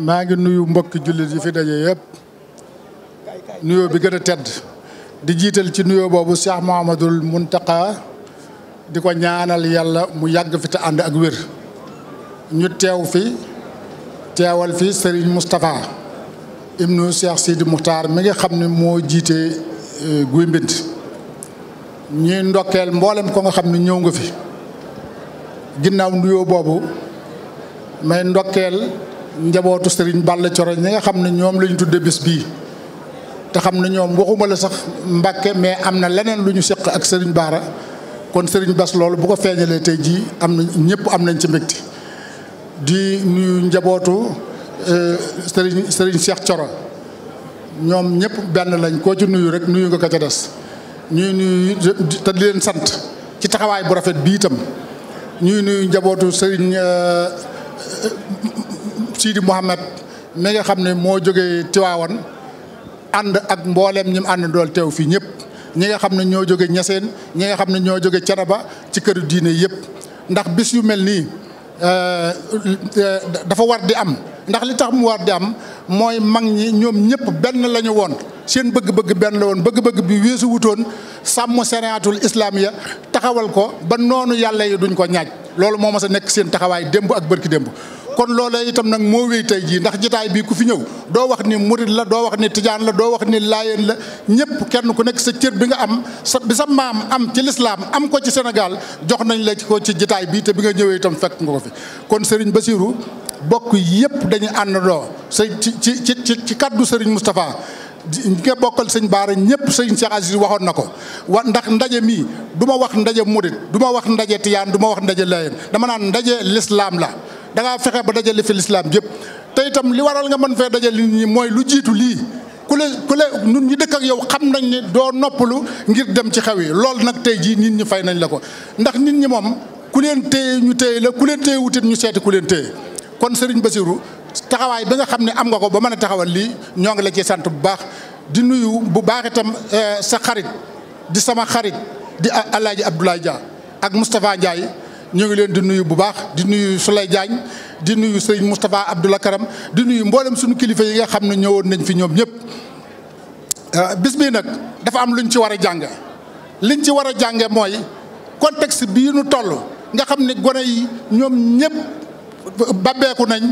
maa ngi nuyu mbokki jullit yi fi daje yëpp nuyoo bi gën a tedd di jiital ci nuyoo boobu Cheikh mun Mountakha di ko ñaanal yàlla mu yàgg fi te ànd ak wér ñu teew fi teewal fi Serigne Moustapha ibnu Cheikh Sidi Moukhtar mi nga xam ne moo jiite euh, guy mbind ñuy ndokkeel mboolem ko nga xam ne ñëw nga fi ginnaaw nuyoo boobu may ndokkeel njabootu Serigne Balla Coro ñi nga xam ne ñoom la ñu tuddee bés bii te xam ne ñoom waxuma la sax Mbàkke mais am na leneen lu ñu seq ak sëriñ Baara kon Serigne Bas loolu bu ko feeñalee tey jii am na ñëpp am nañ ci mbégte di nuyu njabootu euh, sëriñ Serigne Cheikh Coro ñoom ñëpp benn lañ koo ci nuyu rek nuyu nga ko ca des ñuy nuyu te leen sant ci taxawaay bu rafet bii itam ñuy nuyu njabootu Serigne. Euh, Sidi Mouhamed mi nga xam ne moo jógee Tiwaawan ànd ak mbooleem ñi mu ànd dool teew fii ñëpp ñi nga xam ne ñoo jóge ñaseen ñi nga xam ne ñoo jóge Canaba ci kër diine yëpp ndax bis yu mel nii euh, euh, dafa war di am ndax li tax mu war di am mooy mag ñi ñoom ñëpp benn la ñu woon seen bëgg-bëgg benn la woon bëgg-bëgg bi weesu wutoon sàmm séréatul ya taxawal ko ba noonu yàlla yi duñ ko ñaaj loolu moo ma a nekk seen taxawaay démb ak bërki démb kon loolee itam nag moo wéy tey jii ndax jitaay bii ku fi ñëw doo wax ni murit la doo wax ni tijaan la doo wax ni laayeen la ñëpp kenn ku nekk sa cër bi nga am sa bi sa maam am ci lislaam am ko ci Sénégal jox nañ la ko ci jitaay bii te bi nga ñëwee itam fekk nga ko fi kon Serigne Bassirou bokk yëpp dañu àndandoo sa ci ci ci ci kaddu Serigne Moustapha nga bokkal sëñ Baara ñëpp sëñ Cheikh Aziz waxoon na ko wa ndax ndaje mii du ma wax ndaje murit du ma wax ndaje tiyaan du ma wax ndaje laayeen dama naan ndaje lislaam la da ngaa fexe ba dajale fi lislaam yëpp tey itam li waral nga man fee dajale nit ñi mooy lu jiitu lii ku le ku le ñu dëkk ak yow xam nañ ne doo noppalu ngir dem ci xew yi lool nag tey jii nit ñi fay nañ la ko ndax nit ñi moom ku leen téye ñu téye la ku leen téye wutit ñu seeti ku leen téye kon Serigne Bassirou taxawaay bi nga xam ne am nga ko ba mën a taxawal lii ñoo ngi la ci sant bu baax di nuyu bu baax itam eh, sa xarit di sama xarit di Alaaji Abdoulaye Dia ak Moustapha ñu ngi leen di nuyu bu baax di nuyu Souley Diagne di nuyu sëriñ Moustapha Abdoul Karam di nuyu mboolem suñu kilifa yi nga xam ne ñëwoon nañ fi ñoom ñëpp. Euh, bis bii nag dafa am luñ ci war a jànge liñ ci war a jànge mooy contexte bii nu toll nga xam ne gone yi ñoom ñëpp babbeeku nañ.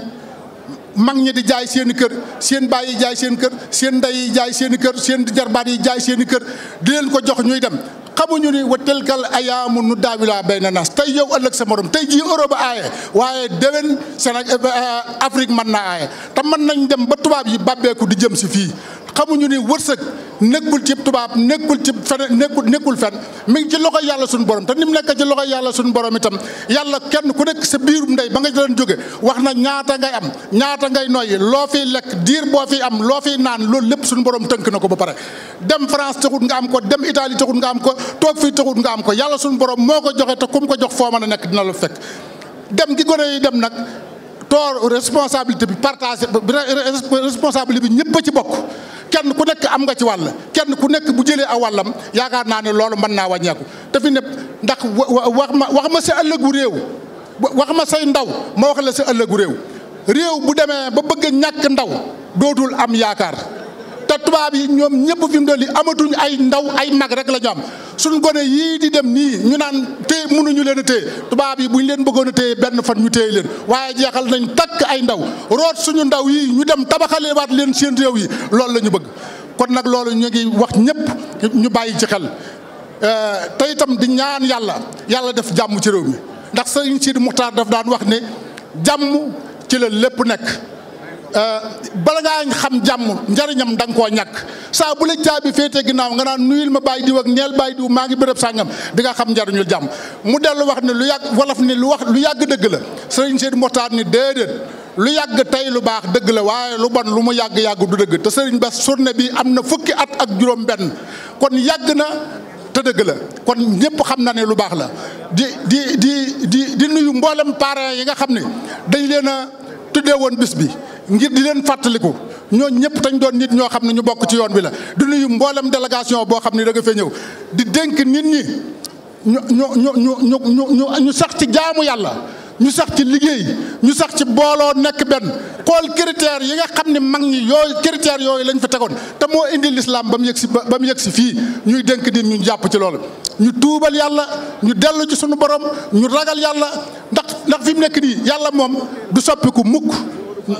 mag ñi di jaay seeni kër seen baay yi jaay seen kër seen ndey yi jaay seeni kër seen jarbaat yi jaay seeni kër di leen ko jox ñuy dem xamuñu ni wa tilkal ayaamu nu daawilaa bayna nas tey yow ëllëg sa morom tey jii Europe aaye waaye déwén Sénégal euh, Afrique mën naa aaye te mën nañ dem ba tubaab yi bàbbeeku di jëm si fii xamuñu ni wërsëg nekkul ci tubaab nekkul ci fen nekkul nekkul fen mi ngi ci loxo yàlla suñu borom te ni mu nekk ci loxo yàlla suñu borom itam yàlla kenn ku nekk sa biirum ndey ba nga doon jóge wax na ñaata am ñaata ngay noyyi loo fiy lekk diir boo fiy am loo fiy naan loolu lépp suñu borom tënk na ko ba pare dem France taxut nga am ko dem Italie taxut nga am ko toog fii taxut nga am ko yàlla suñu borom moo ko joxe te ku mu ko jox foo mën a nekk dina la fekk dem gi gone yi dem nag toor responsabilité bi partagé responsabilité bi ñëpp a ci bokk kenn ku nekk am nga ci wàll kenn ku nekk bu jëlee aw wàllam yaakaar naa ne loolu mën naa wàññeeku te fi ne ndax wax ma wax ma sa ëllëgu réew wax ma say ndaw ma wax la sa ëllëgu réew réew bu demee ba bëgg ñàkk ndaw dootul am yaakaar. te tubaab yi ñoom ñëpp fi doon li amatuñ ay ndaw ay mag rek la ñu am suñ gone yii di dem nii ñu naan téye mënuñu leen a téye tubaab yi bu ñu leen bëggoon a téye benn fan ñu téye leen waaye jeexal nañ takk ay ndaw root suñu ndaw yi ñu dem tabaxaleewaat leen seen réew yi loolu la ñu bëgg kon nag loolu ñu ngi wax ñëpp ñu bàyyi ci xel euh, te itam di ñaan yàlla yàlla def jàmm ci réew mi ndax sëriñ Sidi Muxtaar daf daan wax ne jàmm ci la lépp nekk Euh, bala ngaa xam jàmm njariñam da koo ñàkk saa bu la caabi féete ginnaaw nga naan nuyul ma bàyyi diw ak neel bàyyi diw maa ngi bërëb sàngam di nga xam njariñul jàmm mu dellu wax ne lu yàgg wolof ni lu wax lu yàgg dëgg la sëriñ Seydi Moxtaar ni déedéet lu yàgg tey lu baax dëgg la waaye lu bon lu mu yàgg-yàgg du dëgg te sëriñ Bass journée bi am na fukki at ak juróom benn kon yàgg na te dëgg la kon ñëpp xam na ne lu baax la di di di di di nuyu mboolem parents yi nga xam ne dañ leen a tuddee woon bis bi ngir di leen fàttaliku ñoo ñëpp dañ doon nit ñoo xam ne ñu bokk ci yoon bi la du nuyu mboolem délégation boo xam ne da nga fee ñëw di dénk nit ñi ñu ñu ñu ñu ñu ñu sax ci jaamu yàlla ñu sax ci liggéey ñu sax ci booloo nekk benn xool critères yi nga xam ne mag ñi yooyu critères yooyu lañ fa tegoon te moo indi lislaam ba mu yëg si ba mu yëg si fii ñuy dénk nit ñu jàpp ci lool ñu tuubal yàlla ñu dellu ci suñu borom ñu ragal yàlla ndax ndax fi mu nekk nii yàlla moom du soppiku mukk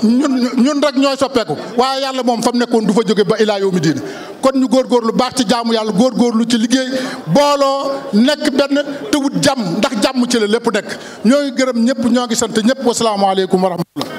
ñun ñun rek ñooy soppeeku waaye yàlla moom fa mu nekkoon du fa jóge ba ilaa yow mi diine kon ñu góorgóorlu baax ci jaamu yàlla góorgóorlu ci liggéey booloo nekk benn te wut jàmm ndax jàmm ci la lépp nekk ñoo ngi gërëm ñëpp ñoo ngi sant ñëpp wasalaamaaleykum wa rahmatullah